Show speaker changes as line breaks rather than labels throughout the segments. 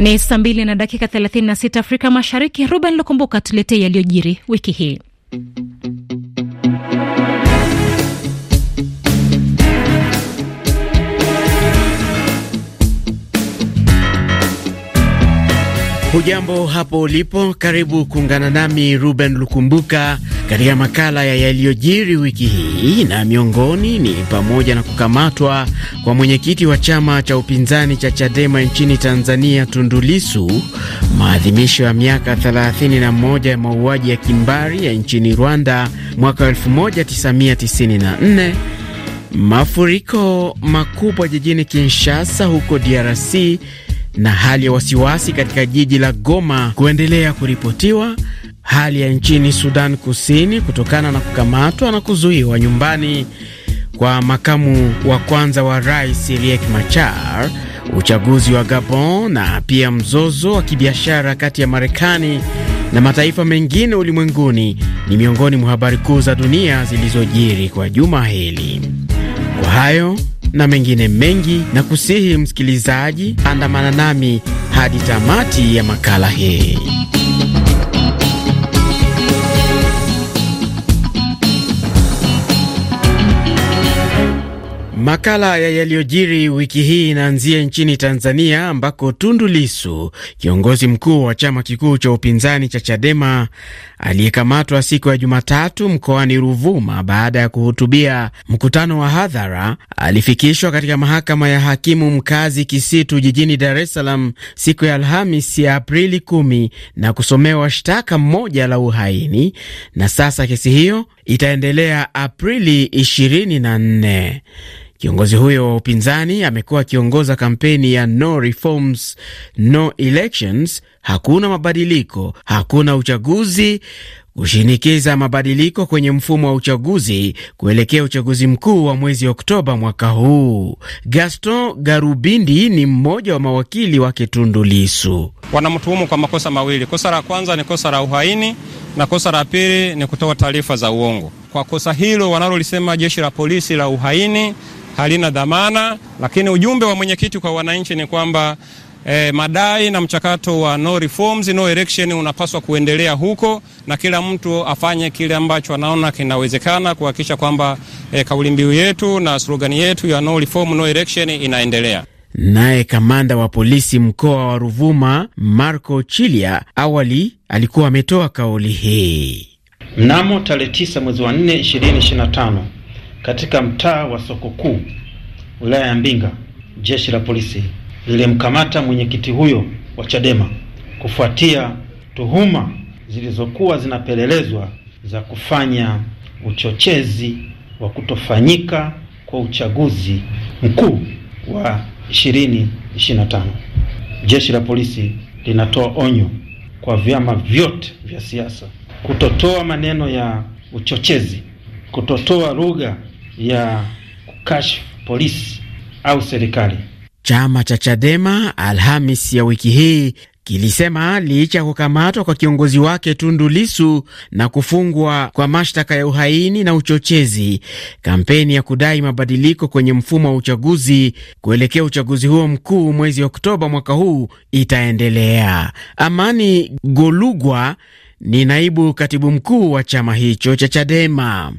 Ni saa mbili na dakika 36 Afrika Mashariki. Ruben Lukumbuka tuletee yaliyojiri wiki hii.
Hujambo hapo ulipo, karibu kuungana nami Ruben Lukumbuka katika makala ya yaliyojiri wiki hii, na miongoni ni pamoja na kukamatwa kwa mwenyekiti wa chama cha upinzani cha Chadema nchini Tanzania, tundulisu maadhimisho ya miaka 31 ya mauaji ya kimbari ya nchini Rwanda mwaka 1994 mafuriko makubwa jijini Kinshasa huko DRC na hali ya wasiwasi katika jiji la Goma kuendelea kuripotiwa hali ya nchini Sudan Kusini kutokana na kukamatwa na kuzuiwa nyumbani kwa makamu wa kwanza wa rais Riek Machar, uchaguzi wa Gabon na pia mzozo wa kibiashara kati ya Marekani na mataifa mengine ulimwenguni ni miongoni mwa habari kuu za dunia zilizojiri kwa juma hili. Kwa hayo na mengine mengi, na kusihi msikilizaji, andamana nami hadi tamati ya makala hii. Makala ya yaliyojiri wiki hii inaanzia nchini Tanzania ambako Tundu Lisu, kiongozi mkuu wa chama kikuu cha upinzani cha Chadema, aliyekamatwa siku ya Jumatatu mkoani Ruvuma baada ya kuhutubia mkutano wa hadhara, alifikishwa katika mahakama ya hakimu mkazi Kisitu jijini Dar es Salaam siku ya Alhamis ya Aprili 10 na kusomewa shtaka moja la uhaini, na sasa kesi hiyo itaendelea Aprili 24. Kiongozi huyo wa upinzani amekuwa akiongoza kampeni ya no reforms, no elections, hakuna mabadiliko, hakuna uchaguzi, kushinikiza mabadiliko kwenye mfumo wa uchaguzi kuelekea uchaguzi mkuu wa mwezi Oktoba mwaka huu. Gaston Garubindi ni mmoja wa mawakili wa Kitundu Lisu.
Wanamtuhumu kwa makosa mawili. Kosa la kwanza ni kosa la uhaini na kosa la pili ni kutoa taarifa za uongo. Kwa kosa hilo wanalolisema jeshi la polisi la uhaini halina dhamana, lakini ujumbe wa mwenyekiti kwa wananchi ni kwamba eh, madai na mchakato wa no reforms, no election unapaswa kuendelea huko na kila mtu afanye kile ambacho anaona kinawezekana kuhakikisha kwamba eh, kauli mbiu yetu na slogani yetu ya no reform, no election inaendelea.
Naye kamanda wa polisi mkoa wa Ruvuma Marco Chilia awali alikuwa ametoa kauli hii
mnamo tarehe 9 mwezi wa 4 2025 katika mtaa wa soko kuu wilaya ya Mbinga, jeshi la polisi lilimkamata mwenyekiti huyo wa Chadema kufuatia tuhuma zilizokuwa zinapelelezwa za kufanya uchochezi wa kutofanyika kwa uchaguzi mkuu wa 2025. Jeshi la polisi linatoa onyo kwa vyama vyote vya siasa kutotoa maneno ya uchochezi, kutotoa lugha ya kukashifu polisi au serikali.
Chama cha Chadema Alhamis ya wiki hii kilisema licha ya kukamatwa kwa kiongozi wake Tundu Lisu na kufungwa kwa mashtaka ya uhaini na uchochezi, kampeni ya kudai mabadiliko kwenye mfumo wa uchaguzi kuelekea uchaguzi huo mkuu mwezi Oktoba mwaka huu itaendelea. Amani Golugwa ni naibu katibu mkuu wa chama hicho cha Chadema.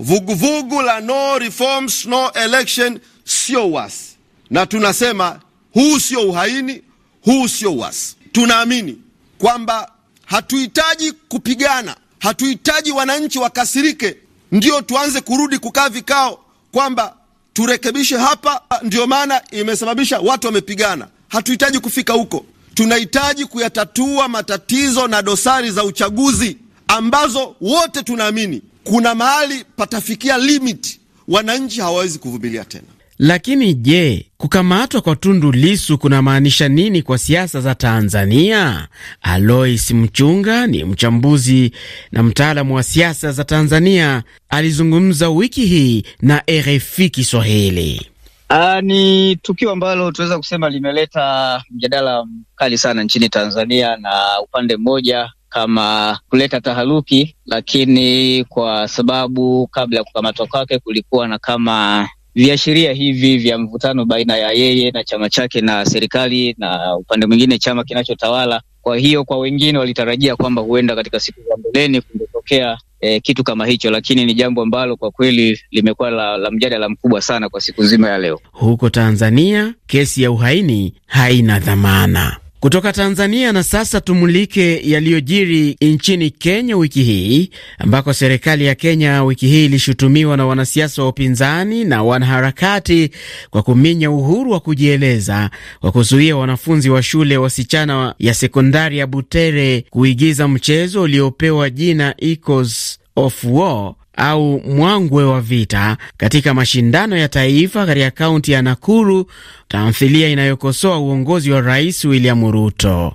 Vuguvugu la no reforms,
no election sio wasi, na tunasema huu sio uhaini, huu sio wasi tunaamini kwamba hatuhitaji kupigana, hatuhitaji wananchi wakasirike ndio tuanze kurudi kukaa vikao kwamba turekebishe hapa, ndio maana imesababisha watu wamepigana. Hatuhitaji kufika huko, tunahitaji kuyatatua matatizo na dosari za uchaguzi ambazo wote tunaamini kuna mahali patafikia limit, wananchi hawawezi kuvumilia
tena. Lakini je, kukamatwa kwa Tundu Lisu kunamaanisha nini kwa siasa za Tanzania? Alois Mchunga ni mchambuzi na mtaalamu wa siasa za Tanzania, alizungumza wiki hii na RFI Kiswahili. Aa, ah, ni tukio ambalo tunaweza kusema limeleta mjadala mkali sana nchini Tanzania na upande mmoja kama kuleta taharuki, lakini kwa sababu kabla ya kukamatwa kwake kulikuwa na kama viashiria hivi vya mvutano baina ya yeye na chama chake na serikali na upande mwingine chama kinachotawala. Kwa hiyo kwa wengine walitarajia kwamba huenda katika siku za mbeleni kungetokea e, kitu kama hicho, lakini ni jambo ambalo kwa kweli limekuwa la, la mjadala mkubwa sana kwa siku nzima ya leo. Huko Tanzania, kesi ya uhaini haina dhamana. Kutoka Tanzania na sasa tumulike yaliyojiri nchini Kenya wiki hii ambako serikali ya Kenya wiki hii ilishutumiwa na wanasiasa wa upinzani na wanaharakati kwa kuminya uhuru wa kujieleza kwa kuzuia wanafunzi wa shule wasichana ya sekondari ya Butere kuigiza mchezo uliopewa jina Echoes of War au mwangwe wa vita katika mashindano ya taifa katika kaunti ya Nakuru, tamthilia inayokosoa uongozi wa Rais William Ruto.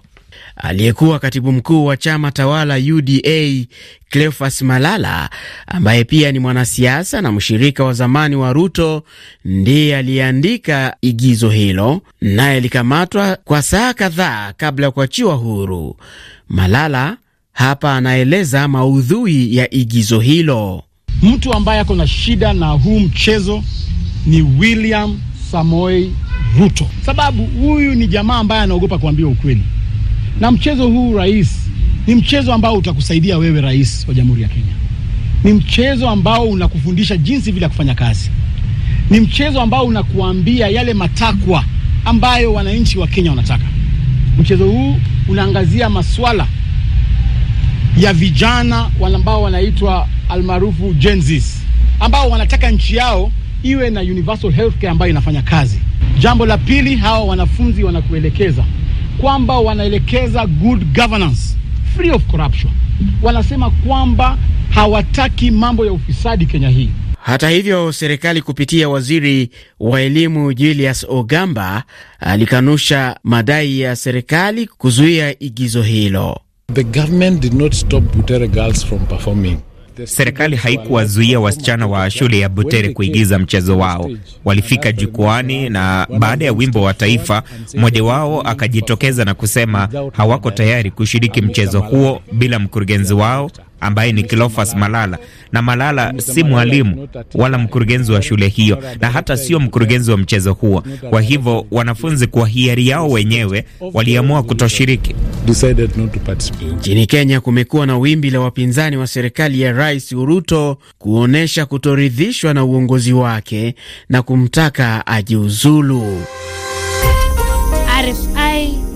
Aliyekuwa katibu mkuu wa chama tawala UDA cleofas Malala, ambaye pia ni mwanasiasa na mshirika wa zamani wa Ruto, ndiye aliyeandika igizo hilo, naye alikamatwa kwa saa kadhaa kabla ya kuachiwa huru. Malala hapa anaeleza maudhui ya igizo hilo. Mtu ambaye ako na shida na huu mchezo ni William Samoei Ruto, sababu huyu ni jamaa ambaye anaogopa kuambia
ukweli, na mchezo huu rais, ni mchezo ambao utakusaidia wewe rais wa Jamhuri
ya Kenya. Ni mchezo ambao unakufundisha jinsi vile ya kufanya kazi. Ni mchezo ambao unakuambia yale matakwa ambayo wananchi wa Kenya wanataka. Mchezo huu unaangazia maswala ya vijana ambao wanaitwa almaarufu Gen Z ambao wanataka nchi yao iwe na universal healthcare ambayo inafanya kazi. Jambo la pili, hawa wanafunzi wanakuelekeza kwamba wanaelekeza good governance, free of corruption. Wanasema kwamba hawataki mambo ya ufisadi Kenya hii. Hata hivyo, serikali kupitia waziri wa elimu Julius Ogamba alikanusha madai ya serikali kuzuia igizo hilo. The government did not stop Butere girls from performing. Serikali haikuwazuia wasichana wa shule ya Butere kuigiza mchezo wao. Walifika jukwani na baada ya wimbo wa taifa, mmoja wao akajitokeza na kusema hawako tayari kushiriki mchezo huo bila mkurugenzi wao ambaye ni Cleophas Malala, na Malala si mwalimu wala mkurugenzi wa shule hiyo na hata sio mkurugenzi wa mchezo huo. Kwa hivyo wanafunzi kwa hiari yao wenyewe waliamua kutoshiriki. Nchini Kenya kumekuwa na wimbi la wapinzani wa serikali ya Rais Ruto kuonyesha kutoridhishwa na uongozi wake na kumtaka ajiuzulu.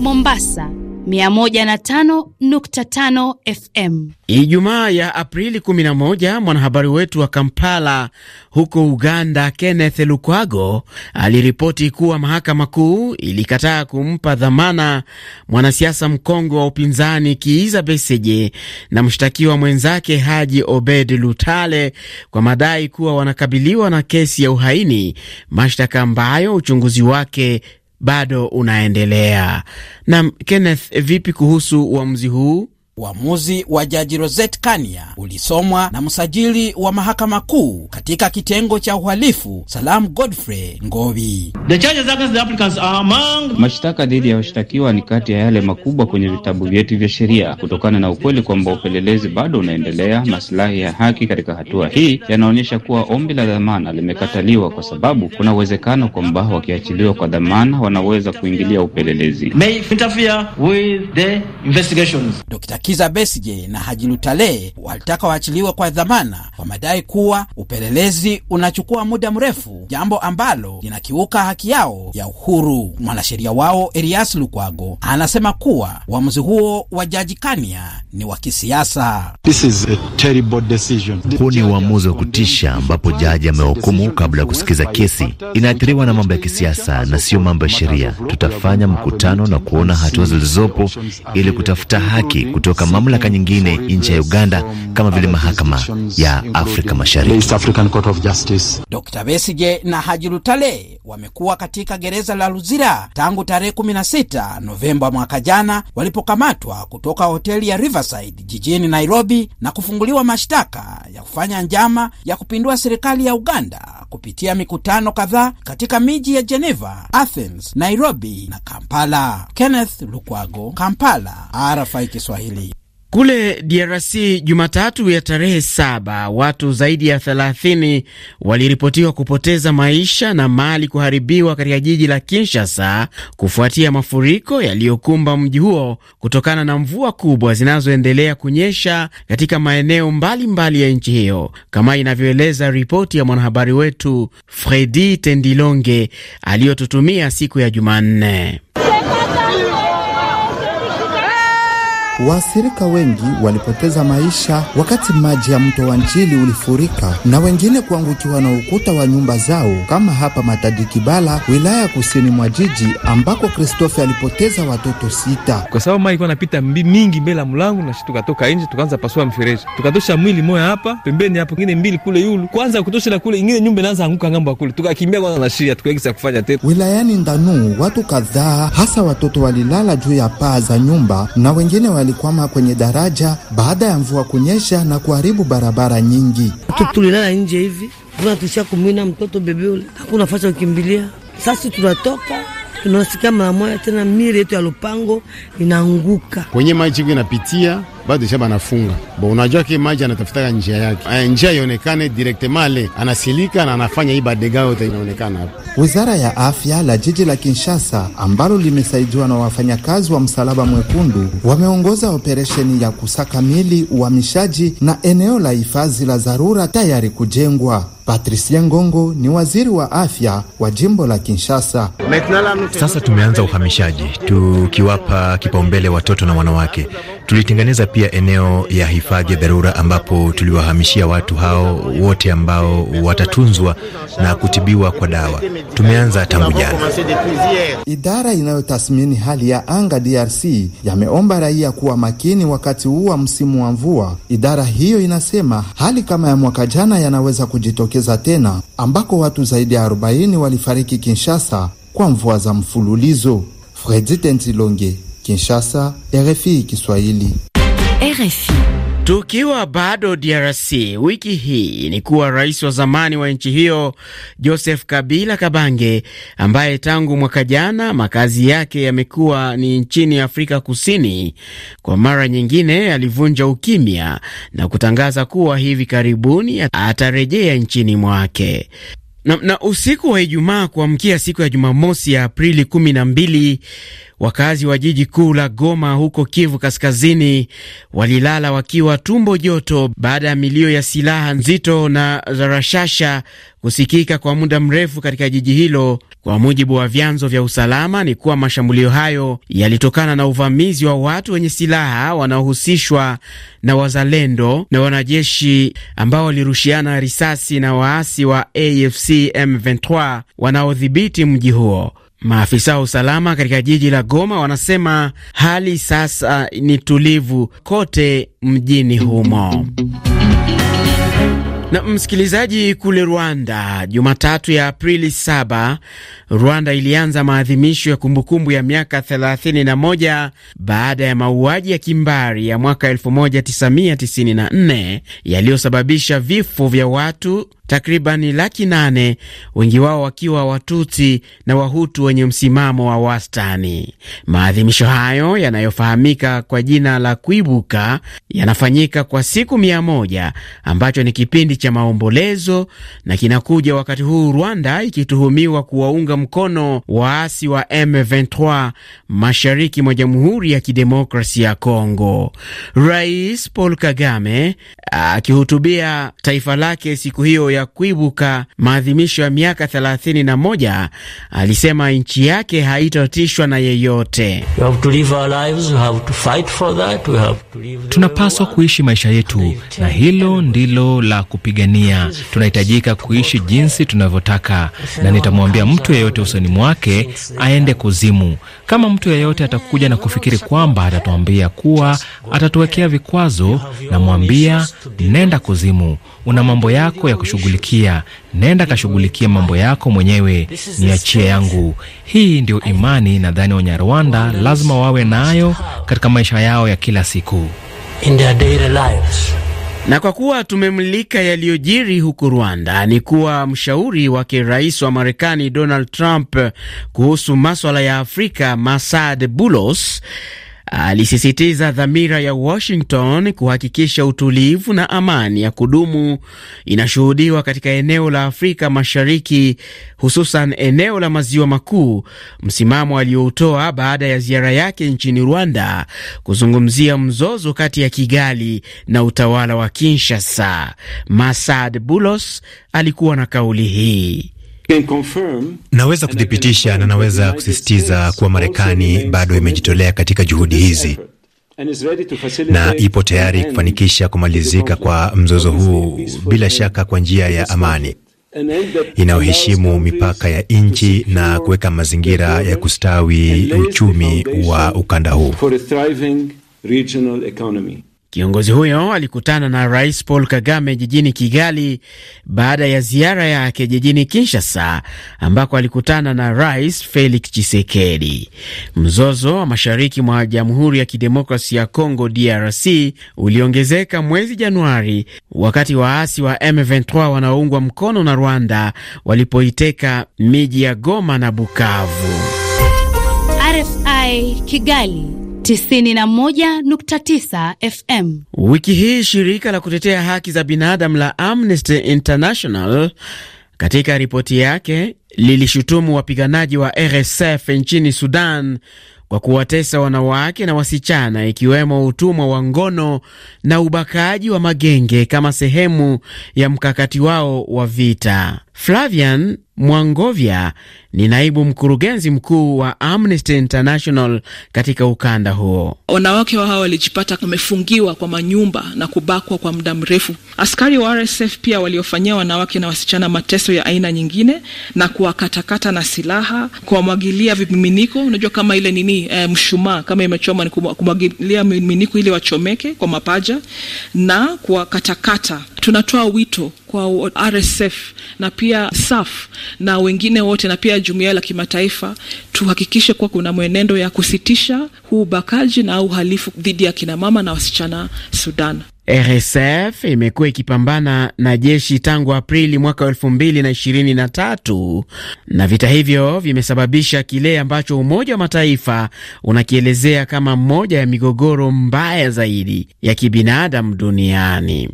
Mombasa 105.5 FM.
Ijumaa ya Aprili 11, mwanahabari wetu wa Kampala huko Uganda, Kenneth Lukwago aliripoti kuwa mahakama kuu ilikataa kumpa dhamana mwanasiasa mkongwe wa upinzani Kiiza Besigye na mshtakiwa mwenzake Haji Obed Lutale kwa madai kuwa wanakabiliwa na kesi ya uhaini, mashtaka ambayo uchunguzi wake bado unaendelea. nam Kenneth, vipi kuhusu uamuzi huu? Uamuzi wa jaji Rosette Kania
ulisomwa na msajili wa mahakama kuu katika kitengo cha uhalifu Salam Godfrey Ngovi.
Mashtaka dhidi ya washtakiwa ni kati ya yale makubwa kwenye vitabu vyetu vya sheria, kutokana na ukweli kwamba upelelezi bado unaendelea. Masilahi ya haki katika hatua hii yanaonyesha kuwa ombi la dhamana limekataliwa, kwa sababu kuna uwezekano kwamba wakiachiliwa kwa dhamana wanaweza kuingilia upelelezi.
May Kiza Besije na Haji Lutale walitaka waachiliwe kwa dhamana kwa madai kuwa upelelezi unachukua muda mrefu, jambo ambalo linakiuka haki yao ya uhuru. Mwanasheria wao Elias Lukwago anasema kuwa uamuzi huo wa jaji Kania ni wa kisiasa.
Huu ni uamuzi wa kutisha, ambapo jaji amehukumu kabla ya kusikiza kesi. Inaathiriwa na mambo ya kisiasa na sio mambo ya sheria. Tutafanya mkutano na kuona hatua zilizopo ili kutafuta haki kutoka kutoka mamlaka nyingine nje ya Uganda kama vile mahakama ya Afrika Mashariki.
Dr. Besigye na Haji Lutale wamekuwa katika gereza la Luzira tangu tarehe 16 Novemba mwaka jana walipokamatwa kutoka hoteli ya Riverside jijini Nairobi na kufunguliwa mashtaka ya kufanya njama ya kupindua serikali ya Uganda kupitia mikutano kadhaa katika miji ya Geneva, Athens, Nairobi na Kampala. Kenneth Lukwago, Kampala, RFI Kiswahili.
Kule DRC Jumatatu ya tarehe saba watu zaidi ya 30 waliripotiwa kupoteza maisha na mali kuharibiwa katika jiji la Kinshasa kufuatia mafuriko yaliyokumba mji huo kutokana na mvua kubwa zinazoendelea kunyesha katika maeneo mbalimbali mbali ya nchi hiyo, kama inavyoeleza ripoti ya mwanahabari wetu Fredi Tendilonge aliyotutumia siku ya Jumanne.
Waathirika wengi walipoteza maisha wakati maji ya mto wa Njili ulifurika na wengine kuangukiwa na ukuta wa nyumba zao, kama hapa Matadi Kibala, wilaya kusini mwa jiji ambako Kristofe alipoteza watoto sita, kwa sababu maji ilikuwa napita mingi mbele ya mlango, na sisi tukatoka nje tukaanza pasua mfereji, tukatosha mwili moja hapa pembeni, hapo ingine mbili kule yulu, kwanza kutosha na kule ingine nyumba inaanza anguka ngambo ya kule, tukakimbia kwanza na shia tukaegisa kufanya tena. Wilayani Ndanu watu kadhaa hasa watoto walilala juu ya paa za nyumba na wengine wali alikwama kwenye daraja baada ya mvua kunyesha na kuharibu barabara nyingi.
Tulilala nje hivi, mvua tulisha kumwina mtoto bebe ule, hakuna fasi ya kukimbilia. sasi tunatoka tunasikia mara moja tena miri yetu ya lupango
inaanguka
kwenye maji inapitia bado shaba anafunga bo, unajua ki maji anatafutaka njia yake, njia ionekane ale anasilika na anafanya hii badega yote inaonekana hapo.
Wizara ya afya la jiji la Kinshasa ambalo limesaidiwa na wafanyakazi wa Msalaba Mwekundu wameongoza operesheni ya kusaka mili, uhamishaji na eneo la hifadhi la dharura tayari kujengwa. Patricia Ngongo ni waziri wa afya wa jimbo la Kinshasa.
Sasa tumeanza uhamishaji tukiwapa
kipaumbele watoto na wanawake Tulitengeneza pia eneo ya hifadhi ya dharura ambapo tuliwahamishia watu hao wote ambao watatunzwa na kutibiwa kwa dawa. Tumeanza tangu jana. Idara inayotathmini hali ya anga DRC yameomba raia kuwa makini wakati huu wa msimu wa mvua. Idara hiyo inasema hali kama ya mwaka jana yanaweza kujitokeza tena, ambako watu zaidi ya 40 walifariki Kinshasa kwa mvua za mfululizo. Fredi Tentilonge, Kinshasa, RFI Kiswahili.
RFI. Tukiwa bado DRC, wiki hii ni kuwa rais wa zamani wa nchi hiyo Joseph Kabila Kabange, ambaye tangu mwaka jana makazi yake yamekuwa ni nchini Afrika Kusini, kwa mara nyingine alivunja ukimya na kutangaza kuwa hivi karibuni atarejea nchini mwake. Na, na usiku wa Ijumaa kuamkia siku ya Jumamosi ya Aprili Wakazi wa jiji kuu la Goma huko Kivu Kaskazini walilala wakiwa tumbo joto baada ya milio ya silaha nzito na za rashasha kusikika kwa muda mrefu katika jiji hilo. Kwa mujibu wa vyanzo vya usalama, ni kuwa mashambulio hayo yalitokana na uvamizi wa watu wenye silaha wanaohusishwa na wazalendo na wanajeshi ambao walirushiana risasi na waasi wa AFC M23 wanaodhibiti mji huo. Maafisa wa usalama katika jiji la Goma wanasema hali sasa ni tulivu kote mjini humo. Na msikilizaji, kule Rwanda, Jumatatu ya Aprili 7 Rwanda ilianza maadhimisho ya kumbukumbu ya miaka 31 baada ya mauaji ya kimbari ya mwaka 1994 yaliyosababisha vifo vya watu takribani laki nane, wengi wao wakiwa Watutsi na Wahutu wenye msimamo wa wastani. Maadhimisho hayo yanayofahamika kwa jina la Kuibuka yanafanyika kwa siku mia moja ambacho ni kipindi cha maombolezo na kinakuja wakati huu Rwanda ikituhumiwa kuwaunga mkono waasi wa M23 mashariki mwa Jamhuri ya Kidemokrasia ya Kongo. Rais Paul Kagame akihutubia taifa lake siku hiyo ya kuibuka maadhimisho ya miaka 31 alisema nchi yake haitotishwa na yeyote. Tunapaswa kuishi maisha yetu, na hilo
ndilo la kupigania. Tunahitajika kuishi jinsi tunavyotaka, na nitamwambia mtu yeyote usoni mwake aende kuzimu. Kama mtu yeyote atakuja na kufikiri kwamba atatuambia kuwa atatuwekea vikwazo, namwambia nenda kuzimu, una mambo yako ya kushughulikia kukushughulikia, nenda kashughulikia mambo yako mwenyewe,
niachie yangu.
Hii ndio imani nadhani Wanyarwanda lazima wawe nayo katika maisha yao ya kila siku.
Na kwa kuwa tumemulika yaliyojiri huku Rwanda, ni kuwa mshauri wake rais wa Marekani Donald Trump kuhusu maswala ya Afrika Masad Bulos alisisitiza dhamira ya Washington kuhakikisha utulivu na amani ya kudumu inashuhudiwa katika eneo la Afrika Mashariki, hususan eneo la Maziwa Makuu, msimamo aliyoutoa baada ya ziara yake nchini Rwanda kuzungumzia mzozo kati ya Kigali na utawala wa Kinshasa. Masad Bulos alikuwa na kauli hii. Naweza kuthibitisha na naweza kusisitiza kuwa Marekani bado imejitolea katika
juhudi hizi na ipo tayari kufanikisha kumalizika kwa mzozo huu, bila shaka kwa njia ya amani inayoheshimu mipaka ya nchi na kuweka mazingira ya kustawi uchumi wa ukanda huu.
Kiongozi huyo alikutana na Rais Paul Kagame jijini Kigali baada ya ziara yake jijini Kinshasa ambako alikutana na Rais Felix Tshisekedi. Mzozo wa mashariki mwa Jamhuri ya kidemokrasi ya Kongo DRC uliongezeka mwezi Januari wakati waasi wa M23 wanaoungwa mkono na Rwanda walipoiteka miji ya Goma na Bukavu.
RFI Kigali 91.9 FM.
Wiki hii shirika la kutetea haki za binadamu la Amnesty International katika ripoti yake lilishutumu wapiganaji wa RSF nchini Sudan kwa kuwatesa wanawake na wasichana ikiwemo utumwa wa ngono na ubakaji wa magenge kama sehemu ya mkakati wao wa vita. Flavian Mwangovya ni naibu mkurugenzi mkuu wa Amnesty International katika ukanda huo.
Wanawake hawa walijipata wamefungiwa kwa manyumba na kubakwa kwa muda mrefu. Askari wa RSF pia waliofanyia wanawake na wasichana mateso ya aina nyingine na kuwakatakata na silaha, kuwamwagilia vimiminiko, unajua kama ile nini e, mshumaa kama imechoma, ni kumwagilia miminiko ili wachomeke kwa mapaja na kuwakatakata Tunatoa wito kwa RSF na pia SAF na wengine wote na pia jumuiya la kimataifa tuhakikishe kuwa kuna mwenendo ya kusitisha huu ubakaji na uhalifu dhidi ya kinamama na wasichana Sudan.
RSF imekuwa ikipambana na jeshi tangu Aprili mwaka 2023 na vita hivyo vimesababisha kile ambacho Umoja wa Mataifa unakielezea kama moja ya migogoro mbaya zaidi ya kibinadamu duniani.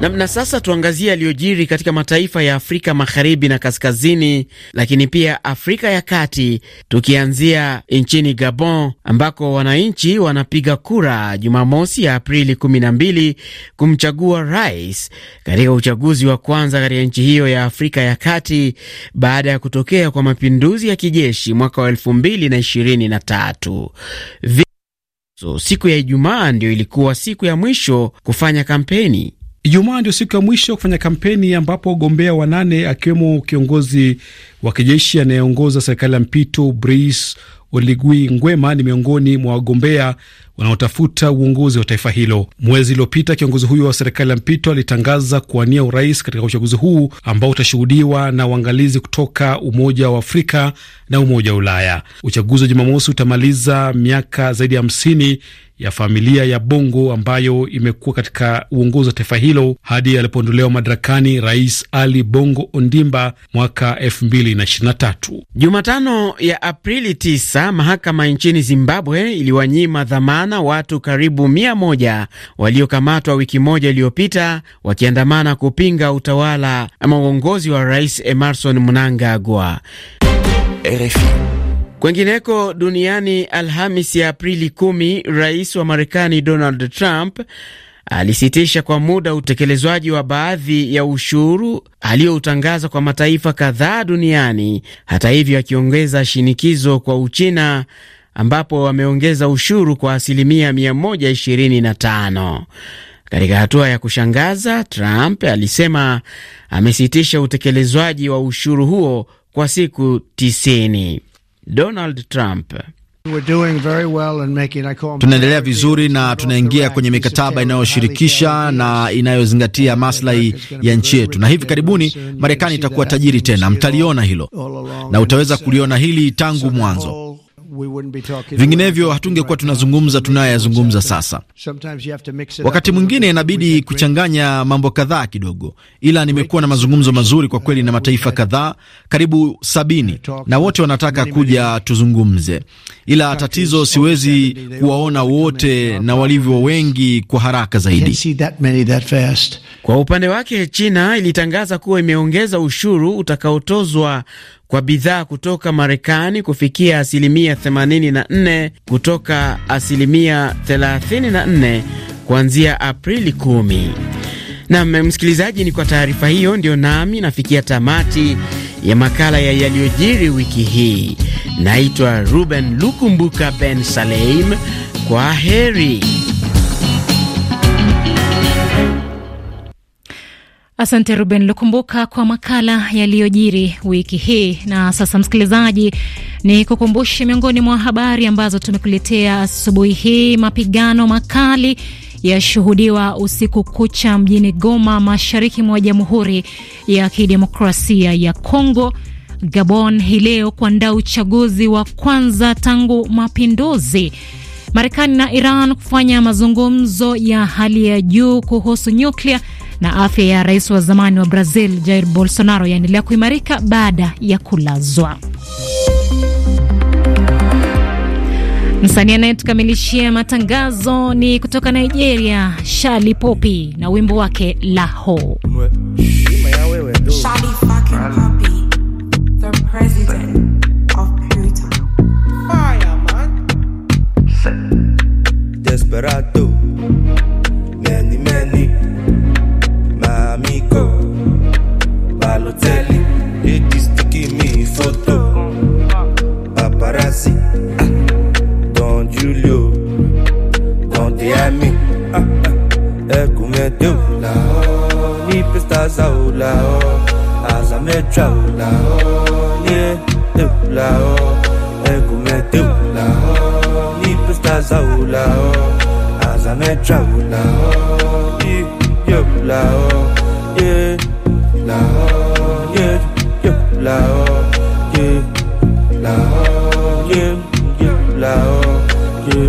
Na, na sasa tuangazie yaliyojiri katika mataifa ya Afrika magharibi na kaskazini, lakini pia Afrika ya kati, tukianzia nchini Gabon ambako wananchi wanapiga kura Jumamosi ya Aprili 12 kumchagua rais katika uchaguzi wa kwanza katika nchi hiyo ya Afrika ya kati baada ya kutokea kwa mapinduzi ya kijeshi mwaka wa 2023. So, siku ya Ijumaa ndio ilikuwa siku ya mwisho kufanya kampeni. Ijumaa ndio siku ya mwisho kufanya kampeni ambapo wagombea wanane akiwemo kiongozi wa kijeshi anayeongoza serikali ya mpito Brice
Oligui Nguema ni miongoni mwa wagombea wanaotafuta uongozi wa taifa hilo.
Mwezi uliopita kiongozi huyo wa serikali ya mpito alitangaza kuwania urais katika uchaguzi huu ambao utashuhudiwa na uangalizi kutoka Umoja wa Afrika na Umoja wa Ulaya. Uchaguzi wa Jumamosi utamaliza miaka zaidi ya hamsini ya familia ya Bongo ambayo
imekuwa katika uongozi wa taifa hilo hadi alipoondolewa madarakani Rais Ali Bongo Ondimba mwaka 2023. Jumatano ya Aprili 9, mahakama nchini Zimbabwe iliwanyima dhamana watu karibu 1 waliokamatwa wiki moja iliyopita wakiandamana kupinga utawala ama uongozi wa Rais Emerson Mnangagwa. RFI Kwengineko duniani, Alhamis ya Aprili kumi, rais wa Marekani Donald Trump alisitisha kwa muda utekelezwaji wa baadhi ya ushuru aliyoutangaza kwa mataifa kadhaa duniani, hata hivyo akiongeza shinikizo kwa Uchina ambapo wameongeza ushuru kwa asilimia 125. Katika hatua ya kushangaza, Trump alisema amesitisha utekelezwaji wa ushuru huo kwa siku 90. Donald Trump. tunaendelea vizuri na tunaingia kwenye mikataba inayoshirikisha na inayozingatia maslahi ya nchi yetu, na hivi karibuni Marekani itakuwa tajiri tena. Mtaliona hilo na utaweza kuliona hili tangu mwanzo vinginevyo hatungekuwa tunazungumza tunayoyazungumza sasa.
Wakati mwingine inabidi
kuchanganya mambo kadhaa kidogo, ila nimekuwa na mazungumzo mazuri kwa kweli na mataifa kadhaa, karibu sabini, na wote wanataka kuja tuzungumze, ila tatizo siwezi kuwaona wote na walivyo wengi kwa haraka zaidi. Kwa upande wake, China ilitangaza kuwa imeongeza ushuru utakaotozwa kwa bidhaa kutoka Marekani kufikia asilimia 84 kutoka asilimia 34 kuanzia Aprili 10. Nam msikilizaji, ni kwa taarifa hiyo ndiyo nami nafikia tamati ya makala ya yaliyojiri wiki hii. Naitwa Ruben Lukumbuka Ben Saleim. Kwa heri.
Asante Ruben Lukumbuka kwa makala yaliyojiri wiki hii. Na sasa, msikilizaji, ni kukumbushe miongoni mwa habari ambazo tumekuletea asubuhi hii. Mapigano makali yashuhudiwa usiku kucha mjini Goma, mashariki mwa Jamhuri ya Kidemokrasia ya Kongo. Gabon hii leo kuandaa uchaguzi wa kwanza tangu mapinduzi. Marekani na Iran kufanya mazungumzo ya hali ya juu kuhusu nyuklia na afya ya rais wa zamani wa Brazil Jair Bolsonaro yaendelea kuimarika baada ya kulazwa. Msanii anayetukamilishia matangazo ni kutoka Nigeria, Shali Popi na wimbo wake Laho.
Desperado you la ni pesta saula asa me traula yeah you la e come te la ni pesta saula asa me traula you la yeah la yeah you la yeah la yeah you la yeah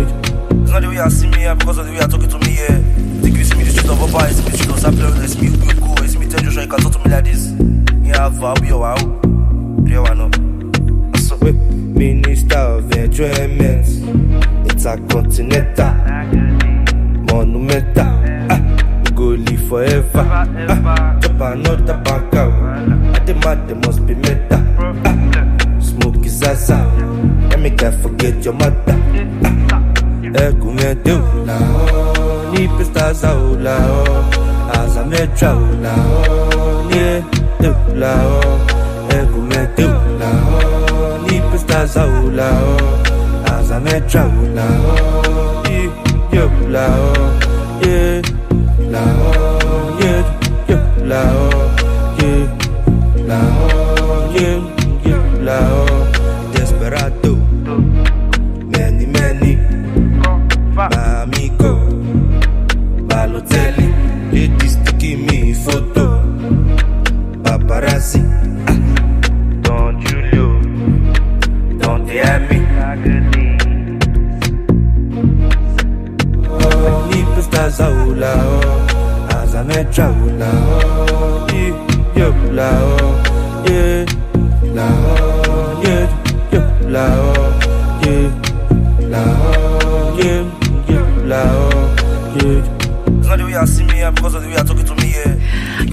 cuz of the way i see me because of the way i talk Papa is bitch, you sure you to eh, It's a Monumental. Ah, forever. Ah, drop another bank out. At ah, the must be meta. Ah, smoke is a sound. Let me get forget your mother. Ah, Ekumento. Eh, now liebe stars aula o azame Oh, o nie tupla o egume tupla o liebe stars aula o oh. azame chaula o oh. i yopla o oh. ye la o ye yopla o azawula o oh. azame travula o oh. yo la o ye la o oh. ye yo la o ye la o ye yo la o ye. Cause the way I see me, cause the way I talk.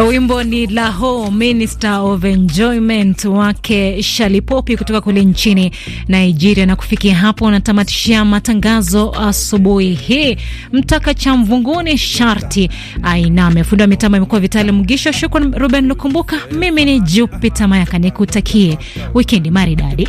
Wimbo ni Laho Minister of Enjoyment wake Shalipopi kutoka kule nchini Nigeria. Na kufikia hapo anatamatishia matangazo asubuhi hii. Mtaka cha mvunguni sharti ainame. Fundi wa mitambo imekuwa Vitali Mgisho. Shukran Ruben Lukumbuka. Mimi ni Jupita Mayaka nikutakie wikendi maridadi.